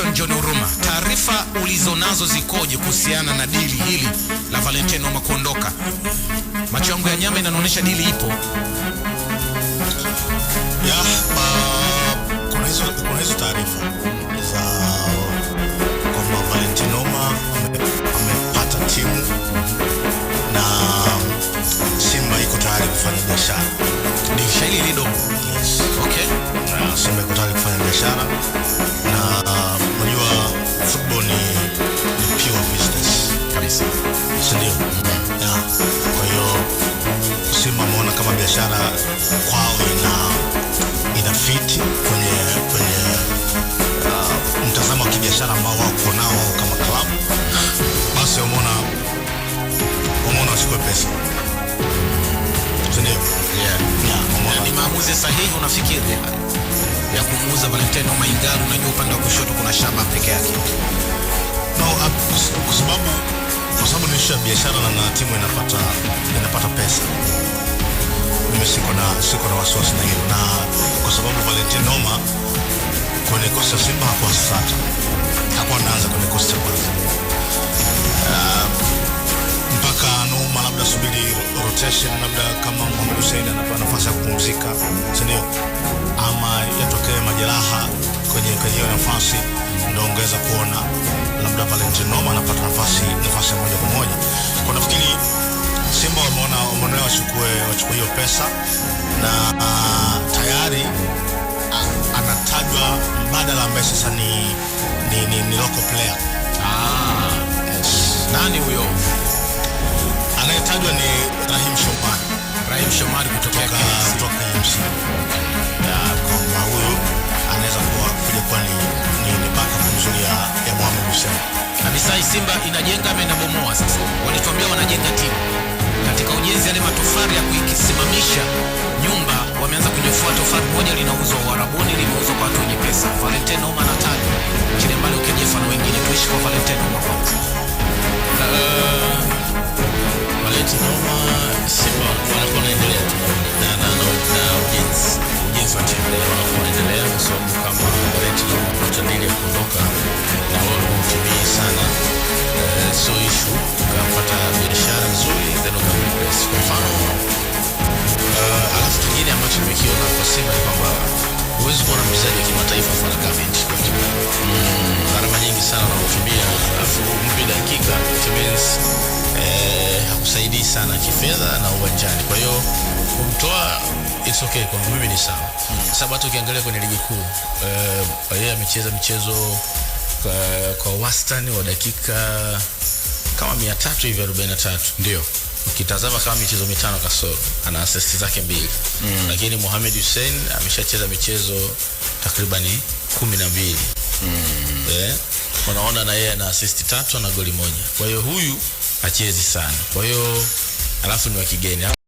Jackson John Uruma, taarifa ulizonazo zikoje kuhusiana na dili hili la Valentine Ouma kuondoka? Macho yangu ya nyama inaonyesha dili ipo ya, uh, kuna hizo kuna hizo taarifa za kwamba Valentine Ouma amepata timu na Simba iko tayari kufanya biashara. Ni lidogo. Yes. Okay. Simba iko tayari kufanya biashara pure business kabisa, Yeah. Kwa hiyo simu ameona kama biashara kwao ina ina kwenye kwenye uh, mtazamo wa kibiashara ambao wako nao wao kama klabu, basi wameona wameona wachukue pesa, si ni maamuzi sahihi, unafikiri ya kumuuza Valentino Maingalu. Unajua upande wa kushoto kuna shaba peke yake no, kwa sababu kwa sababu nilisha biashara na timu inapata inapata pesa, mimi siko na siko na wasiwasi na hilo, na kwa sababu Valentin Noma kwenye kosi ya Simba hakuwa stata, hakuwa anaanza kwenye kosi ya kwanza ah, mpaka Noma labda subiri rotation, labda kama Mohamed Hussein anapewa nafasi ya kupumzika, si ndio, ama yatokee majeraha kwenye kazi yao ya nafasi, ndaongeza kuona labda Valentine Noma anapata nafasi nafasi moja kwa moja. Kwa nafikiri Simba wameona wameona wachukue wachukue hiyo pesa na uh, tayari uh, anatajwa mbadala ambaye sasa ni ni, ni, ni local player. Ah, yes. Nani huyo? Anayetajwa ni Rahim Shomari. Rahim Shomari kutoka kutoka MC. nzuri ya, ya Mohamed Hussein. Abisai Simba inajenga menabomoa sasa. Walituambia wanajenga timu. Katika ujenzi yale matofali ya kuikisimamisha nyumba wameanza kujifua. tofali moja linauzwa Uarabuni limeuzwa kwa watu wenye pesa. Valentino Oman ataje. Chile mbali ukijefa na wengine tuishi kwa Valentino Oman kwanza. Uh, Valentino Oman Simba wanakuwa wanaendelea tu na na na ujenzi. Ujenzi wa timu wanakuwa wanaendelea kwa sababu kama rate za huku chaneli ya kuondoka na wao hutumii sana, uh, eh, so issue ukapata biashara nzuri then ukapress kwa mfano uh, alafu kingine ambacho nimekiona kwa Simba ni kwamba huwezi kuona mchezaji wa kimataifa kufanya coverage kwa timu mm, gharama nyingi sana wanaotumia, alafu mpe dakika it means hakusaidii sana kifedha na uwanjani, kwa hiyo kumtoa it's okay, kwa mimi ni sawa mm. Kwa sababu hata ukiangalia kwenye ligi kuu eh, yeye amecheza michezo kwa, eh, kwa wastani wa dakika kama 300 hivi 343 ndio ukitazama kama michezo mitano kasoro ana assist zake mbili mm. Lakini Mohamed Hussein ameshacheza michezo takriban 12 mm. Eh, unaona na yeye ana assist tatu na goli moja, kwa hiyo huyu hachezi sana, kwa hiyo alafu ni wa kigeni